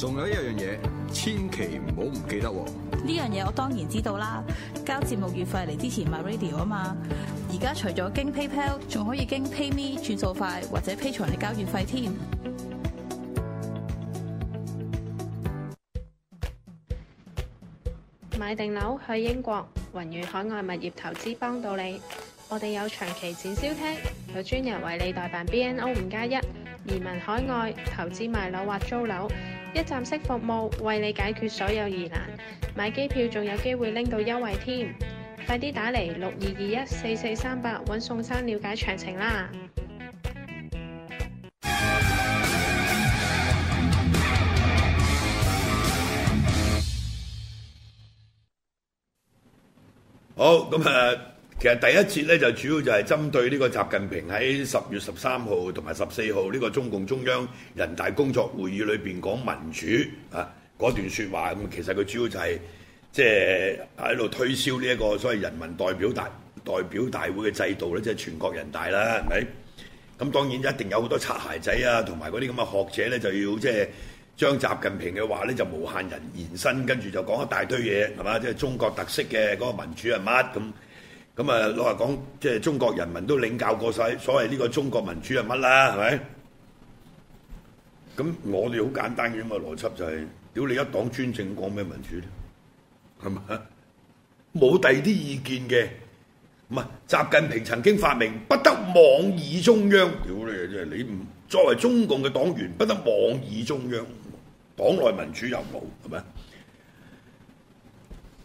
仲有一樣嘢，千祈唔好唔記得呢樣嘢。我當然知道啦，交節目月費嚟之前 MyRadio 啊嘛。而家除咗經 PayPal，仲可以經 PayMe 轉數快、或者 Patreon 嚟交月費添。買定樓去英國，雲遠海外物業投資幫到你。我哋有長期展銷廳，有專人為你代辦 B N O 五加一、移民、海外投資、賣樓或租樓。一站式服務，為你解決所有疑難。買機票仲有機會拎到優惠添，快啲打嚟六二二一四四三八，搵宋生了解詳情啦。好，今其實第一節咧就主要就係針對呢個習近平喺十月十三號同埋十四號呢個中共中央人大工作會議裏邊講民主啊，嗰段説話咁，其實佢主要就係即係喺度推銷呢一個所謂人民代表大代表大會嘅制度咧，即係全國人大啦，係咪？咁當然一定有好多擦鞋仔啊，同埋嗰啲咁嘅學者咧，就要即係將習近平嘅話咧就無限人延伸，跟住就講一大堆嘢係嘛，即係、就是、中國特色嘅嗰個民主係乜咁？咁啊，攞嚟講，即係中國人民都領教過晒。所謂呢個中國民主係乜啦，係咪？咁我哋好簡單嘅咁嘅邏輯就係，屌你一黨專政，講咩民主咧？係咪？冇第二啲意見嘅，唔係習近平曾經發明不得妄議中央，屌你！你唔作為中共嘅黨員，不得妄議中央，黨內民主又冇，係咪？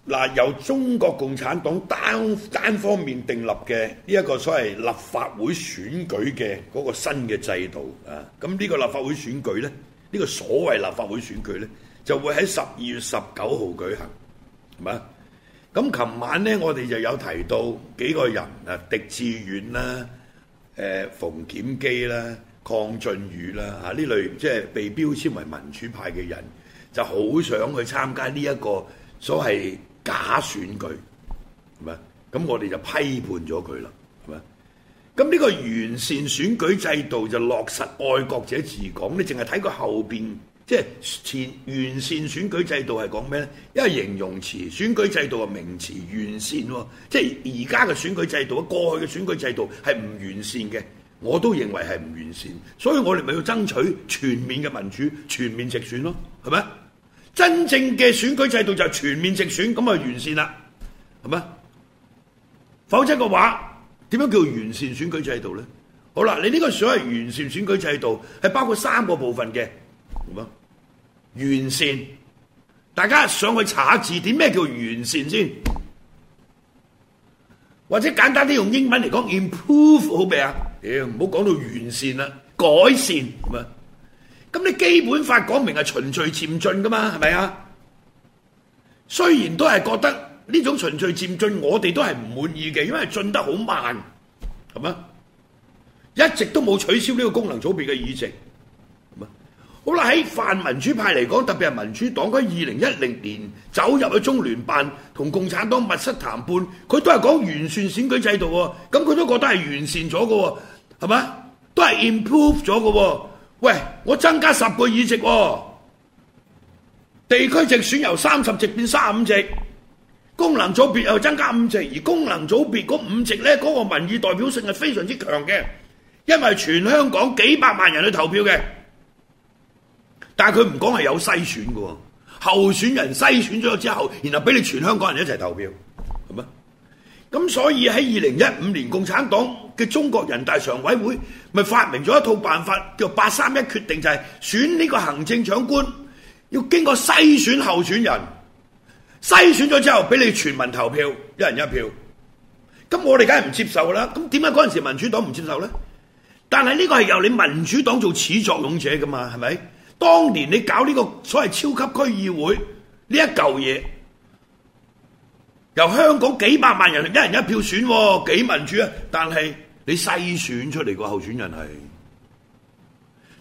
嗱，由中國共產黨單單方面訂立嘅呢一個所謂立法會選舉嘅嗰個新嘅制度啊，咁呢個立法會選舉呢，呢個所謂立法會選舉呢，就會喺十二月十九號舉行，係咁琴晚呢，我哋就有提到幾個人啊，狄志遠啦、誒馮檢基啦、鄺俊宇啦，嚇呢類即係被標籤為民主派嘅人，就好想去參加呢一個所謂。假選舉，係咪？咁我哋就批判咗佢啦，係咪？咁呢個完善選舉制度就落實愛國者治港，你淨係睇佢後邊，即係前完善選舉制度係講咩咧？因為形容詞選舉制度係名詞完善喎，即係而家嘅選舉制度啊，過去嘅選舉制度係唔完善嘅，我都認為係唔完善，所以我哋咪要爭取全面嘅民主、全面直選咯，係咪？真正嘅選舉制度就係全面直選，咁啊完善啦，係咪？否則嘅話，點樣叫完善選舉制度咧？好啦，你呢個所謂完善選舉制度，係包括三個部分嘅，係咪？完善，大家上去查字典咩叫完善先？或者簡單啲用英文嚟講，improve 好未啊？唔好講到完善啦，改善，係咪？咁你基本法講明係循序漸進噶嘛？係咪啊？雖然都係覺得呢種循序漸進，我哋都係唔滿意嘅，因為進得好慢，係咪？一直都冇取消呢個功能組別嘅議席，係咪？好啦。喺泛民主派嚟講，特別係民主黨佢喺二零一零年走入去中聯辦同共產黨密室談判，佢都係講完善選舉制度，咁佢都覺得係完善咗嘅，係咪？都係 improve 咗嘅。喂，我增加十個議席，啊，地區直選由三十席變三十五席，功能組別又增加五席，而功能組別嗰五席呢，嗰、嗰個民意代表性係非常之強嘅，因為全香港幾百萬人去投票嘅，但係佢唔講係有篩選嘅，候選人篩選咗之後，然後俾你全香港人一齊投票，係咩？咁所以喺二零一五年共產黨。嘅中國人大常委會咪發明咗一套辦法，叫八三一決定，就係選呢個行政長官要經過篩選候選人，篩選咗之後俾你全民投票，一人一票。咁我哋梗係唔接受啦。咁點解嗰陣時民主黨唔接受咧？但係呢個係由你民主黨做始作俑者㗎嘛？係咪？當年你搞呢個所謂超級區議會呢一嚿嘢，由香港幾百萬人一人一票選，幾民主啊？但係，你篩選出嚟個候選人係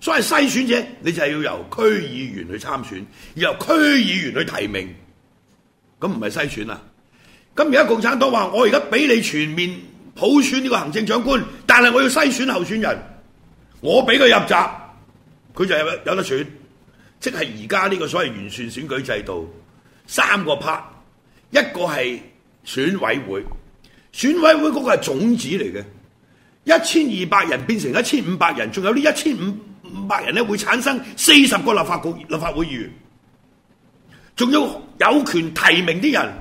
所謂篩選者，你就係要由區議員去參選，要由區議員去提名，咁唔係篩選啊！咁而家共產黨話：我而家俾你全面普選呢個行政長官，但係我要篩選候選人，我俾佢入閘，佢就有有得選。即係而家呢個所謂完善選舉制度三個 part，一個係選委會，選委會嗰個係種子嚟嘅。一千二百人變成一千五百人，仲有呢一千五百人咧，會產生四十個立法局立法會議員，仲有有權提名啲人。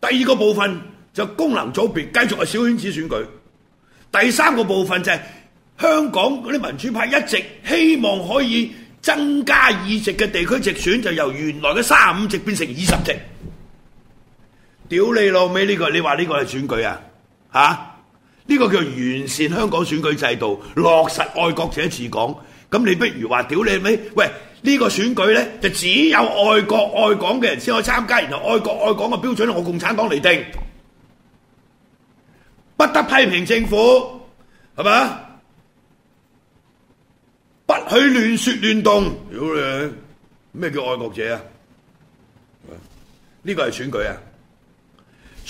第二個部分就功能組別繼續係小圈子選舉。第三個部分就係、是、香港嗰啲民主派一直希望可以增加議席嘅地區直選，就由原來嘅三十五席變成二十席。屌你老味！呢個你話呢個係選舉啊？吓，呢個叫完善香港選舉制度，落實愛國者治港。咁你不如話屌你老味！喂，呢個選舉咧就只有愛國愛港嘅人先可以參加，然後愛國愛港嘅標準係我共產黨嚟定，不得批評政府，係嘛？不許亂說亂動，屌你！咩叫愛國者啊？呢個係選舉啊！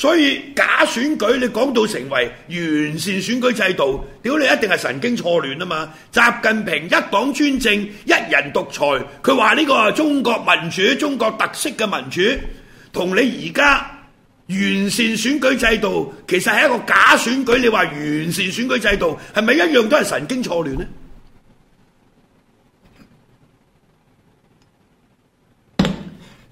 所以假選舉，你講到成為完善選舉制度，屌你一定係神經錯亂啊嘛！習近平一黨專政、一人獨裁，佢話呢個係中國民主、中國特色嘅民主，同你而家完善選舉制度，其實係一個假選舉。你話完善選舉制度係咪一樣都係神經錯亂呢？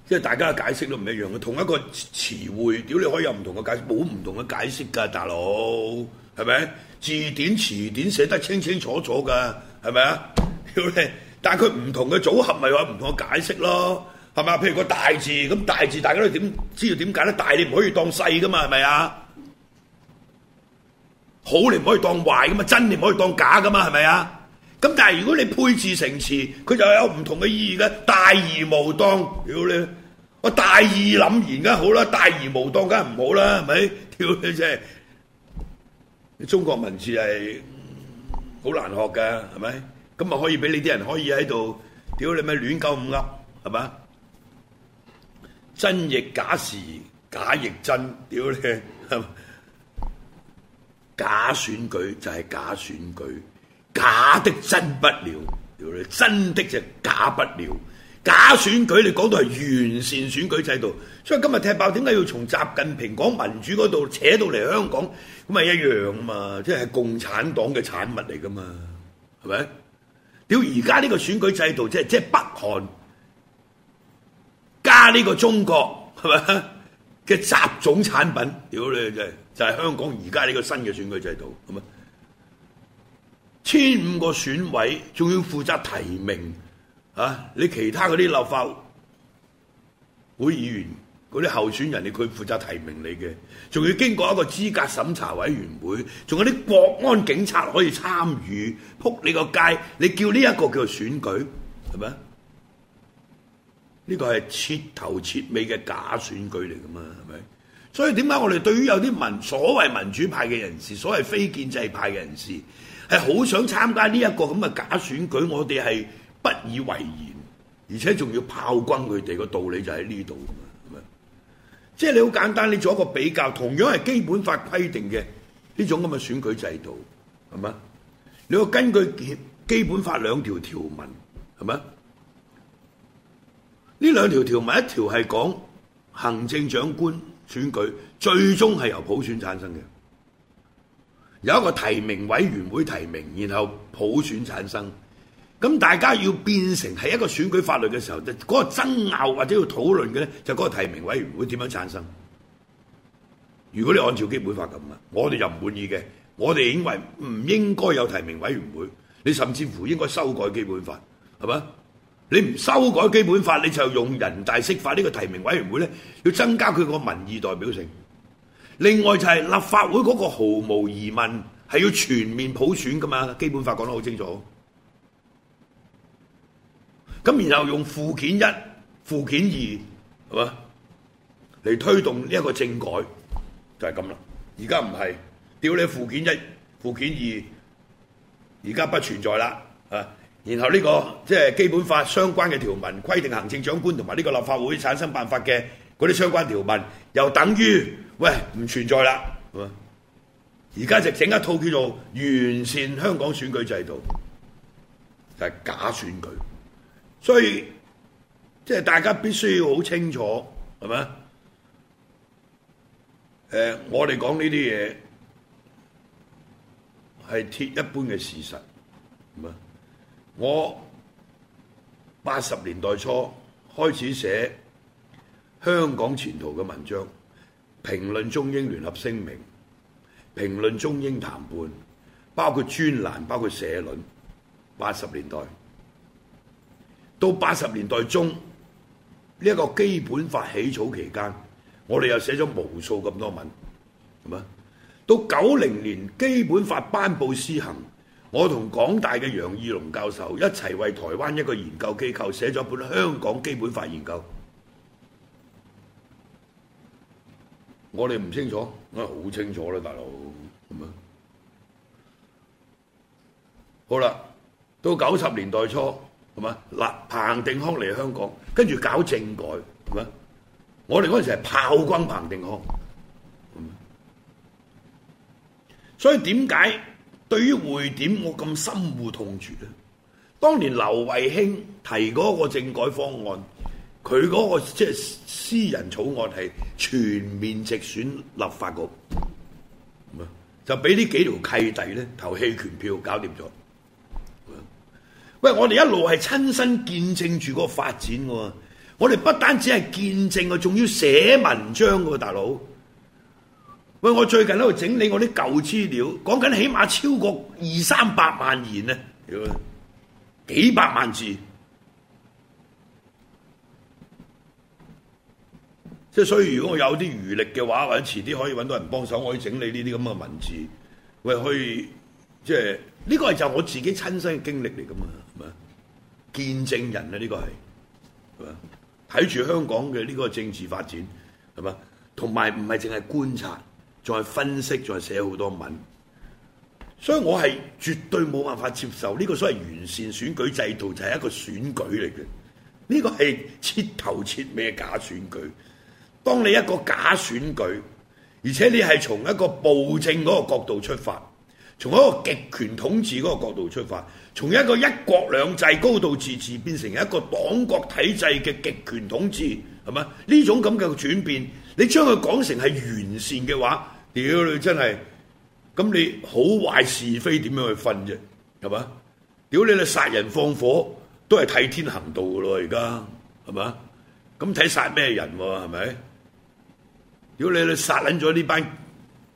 即係大家嘅解釋都唔一樣，同一個詞彙屌你可以有唔同嘅解釋，冇唔同嘅解釋㗎，大佬係咪？字典、詞典寫得清清楚楚㗎，係咪啊？但係佢唔同嘅組合咪有唔同嘅解釋咯，係咪啊？譬如個大字咁，大字大家都點知道點解咧？大你唔可以當細㗎嘛，係咪啊？好你唔可以當壞㗎嘛，真你唔可以當假㗎嘛，係咪啊？咁但係如果你配置成詞，佢就有唔同嘅意義嘅。大而無當，屌你！我大義凜然梗好啦，大而無當梗係唔好啦，係咪？屌你啫！中國文字係好難學㗎，係咪？咁啊可以俾你啲人可以喺度，屌你咪亂鳩咁噏，係嘛？真亦假時，假亦真，屌你，係咪？假選舉就係假選舉。假的真不了，屌你！真的就假不了。假選舉你講到係完善選舉制度，所以今日踢爆，點解要從習近平講民主嗰度扯到嚟香港？咁啊一樣嘛，即係共產黨嘅產物嚟噶嘛，係咪？屌而家呢個選舉制度，即係即係北韓加呢個中國，係咪？嘅雜種產品，屌你！真係就係香港而家呢個新嘅選舉制度，咁啊！千五個選委仲要負責提名啊！你其他嗰啲立法會議員嗰啲候選人，你佢負責提名你嘅，仲要經過一個資格審查委員會，仲有啲國安警察可以參與撲你個街，你叫呢一個叫做選舉係咪？呢個係徹頭徹尾嘅假選舉嚟噶嘛？係咪？所以點解我哋對於有啲民所謂民主派嘅人士，所謂非建制派嘅人士，係好想參加呢一個咁嘅假選舉，我哋係不以為然，而且仲要炮轟佢哋個道理就喺呢度啊嘛！即係、係嘛、你好簡單，你做一個比較，同樣係基本法規定嘅呢種咁嘅選舉制度，係嘛？你要根據基本法兩條條文，係嘛？呢兩條條文一條係講行政長官。選舉最終係由普選產生嘅，有一個提名委員會提名，然後普選產生。咁大家要變成係一個選舉法律嘅時候，就、那、嗰個爭拗或者要討論嘅咧，就嗰、是、個提名委員會點樣產生？如果你按照基本法咁啊，我哋又唔滿意嘅，我哋認為唔應該有提名委員會，你甚至乎應該修改基本法，係嘛？你唔修改基本法，你就用人大釋法。呢個提名委員會呢，要增加佢個民意代表性。另外就係立法會嗰個毫無疑問係要全面普選噶嘛，基本法講得好清楚。咁然後用附件一、附件二，係咪，嚟推動呢一個政改，就係咁啦。而家唔係，屌你附件一、附件二，而家不存在啦，啊！然後呢、這個即係、就是、基本法相關嘅條文規定行政長官同埋呢個立法會產生辦法嘅嗰啲相關條文，又等於喂唔存在啦。而家就整一套叫做完善香港選舉制度，就係、是、假選舉。所以即係、就是、大家必須要好清楚，係咪？誒、呃，我哋講呢啲嘢係鐵一般嘅事實。我八十年代初開始寫香港前途嘅文章，評論中英聯合聲明，評論中英談判，包括專欄，包括社論。八十年代到八十年代中呢一個基本法起草期間，我哋又寫咗無數咁多文，係嘛？到九零年基本法頒布施行。我同港大嘅楊義龍教授一齊為台灣一個研究機構寫咗本《香港基本法研究》，我哋唔清楚，我好清楚、啊、大佬，好啦，到九十年代初，嗱，彭定康嚟香港，跟住搞政改，我哋嗰陣時係炮轟彭定康，所以點解？對於會點我咁深惡痛絕咧？當年劉慧卿提嗰個政改方案，佢嗰個即係私人草案係全面直選立法局，就俾呢幾條契弟咧投棄權票搞掂咗。喂，我哋一路係親身見證住個發展嘅喎，我哋不單止係見證啊，仲要寫文章嘅，大佬。喂，我最近喺度整理我啲舊資料，講緊起碼超過二三百萬言咧，幾百萬字。即係所以，如果我有啲餘力嘅話，或者遲啲可以揾到人幫手，我可以整理呢啲咁嘅文字，為去即係呢個係就我自己親身嘅經歷嚟㗎嘛，見證人啊呢個係，係嘛睇住香港嘅呢個政治發展係嘛，同埋唔係淨係觀察。再分析，再寫好多文，所以我係絕對冇辦法接受呢個所謂完善選舉制度就係一個選舉嚟嘅，呢個係徹頭徹尾嘅假選舉。當你一個假選舉，而且你係從一個暴政嗰個角度出發，從一個極權統治嗰個角度出發，從一個一國兩制高度自治變成一個黨國體制嘅極權統治。係嘛？呢種咁嘅轉變，你將佢講成係完善嘅話，屌你真係，咁你好壞是非點樣去分啫？係嘛？屌你你殺人放火都係替天行道噶咯，而家係嘛？咁睇殺咩人喎、啊？係咪？屌你你殺捻咗呢班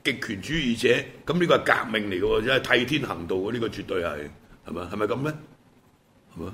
極權主義者，咁呢個係革命嚟嘅，真係替天行道嘅呢、呢個絕對係，係嘛？係咪咁咧？係嘛？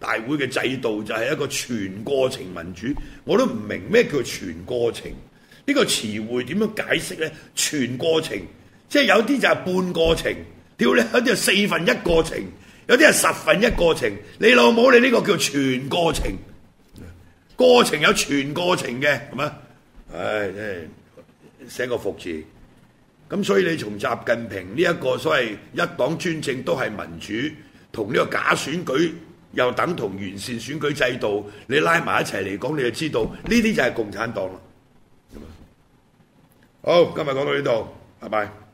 大會嘅制度就係一個全過程民主，我都唔明咩叫全過程呢、呢個詞彙點樣解釋呢？「全過程」即係有啲就係半過程，屌你有啲係四分一過程，有啲係十分一過程。你老母你呢個叫全過程，過程有全過程嘅係咪？唉、哎，寫個服字咁，所以你從習近平呢一個所謂一黨專政都係民主同呢個假選舉。又等同完善選舉制度，你拉埋一齊嚟講，你就知道呢啲就係共產黨啦。好，今日講到呢度，拜拜。